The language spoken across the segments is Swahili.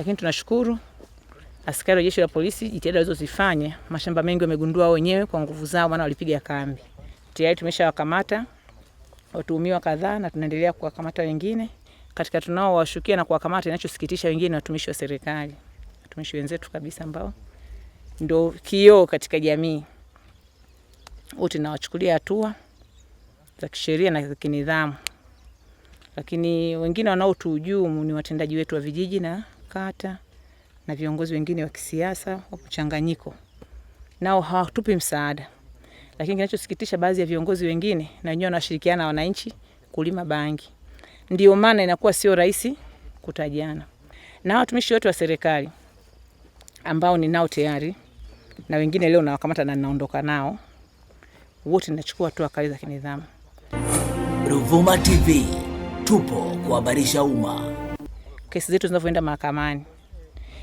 Lakini tunashukuru askari wa jeshi la polisi, jitihada walizozifanya, mashamba mengi wamegundua wenyewe kwa nguvu zao, maana walipiga kambi. Tayari tumeshawakamata watuhumiwa kadhaa na tunaendelea kuwakamata wengine. Katika tunaowashukia na kuwakamata, inachosikitisha wengine watumishi wa serikali, watumishi wenzetu kabisa ambao ndo kioo katika jamii. Wote nawachukulia hatua za kisheria na za kinidhamu, lakini wengine wanaotuhujumu ni watendaji wetu wa vijiji na kata na viongozi wengine wa kisiasa wa changanyiko, nao hawatupi msaada. Lakini kinachosikitisha, baadhi ya viongozi wengine na wenyewe wanashirikiana na wananchi kulima bangi, ndio maana inakuwa sio rahisi kutajana. Na watumishi wote wa serikali ambao ninao tayari na wengine leo nawakamata na naondoka nao wote, ninachukua hatua kali za kinidhamu. Ruvuma TV tupo kuhabarisha umma kesi zetu zinavyoenda mahakamani.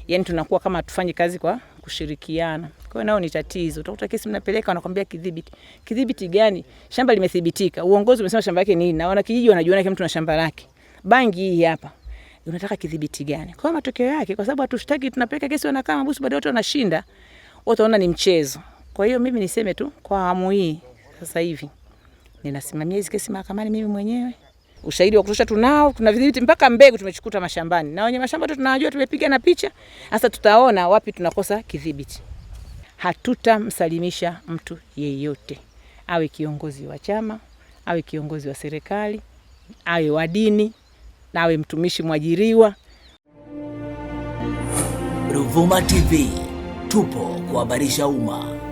Yani tunakuwa kama tufanye kazi kwa kushirikiana. Kwa hiyo nao ni tatizo. Utakuta kesi mnapeleka wanakwambia kidhibiti. Kidhibiti gani? Shamba limethibitika. Uongozi umesema shamba yake nini, hili na wanakijiji wanajiona kila mtu na shamba lake. Bangi hii hapa. Unataka kidhibiti gani? Kwa matokeo yake kwa sababu hatushtaki tunapeleka kesi wanakaa mabusu baadaye watu wanashinda. wanaona ni mchezo. Kwa hiyo mimi niseme tu kwa awamu hii sasa hivi ninasimamia hizi kesi mahakamani mimi mwenyewe. Ushahidi wa kutosha tunao, vidhibiti mpaka mbegu tumechukuta mashambani, na wenye mashamba tunajua tumepiga na picha. Sasa tutaona wapi tunakosa kidhibiti. Hatutamsalimisha mtu yeyote, awe kiongozi wa chama, awe kiongozi wa serikali, awe wa dini, na awe mtumishi mwajiriwa. Ruvuma TV tupo kuhabarisha umma.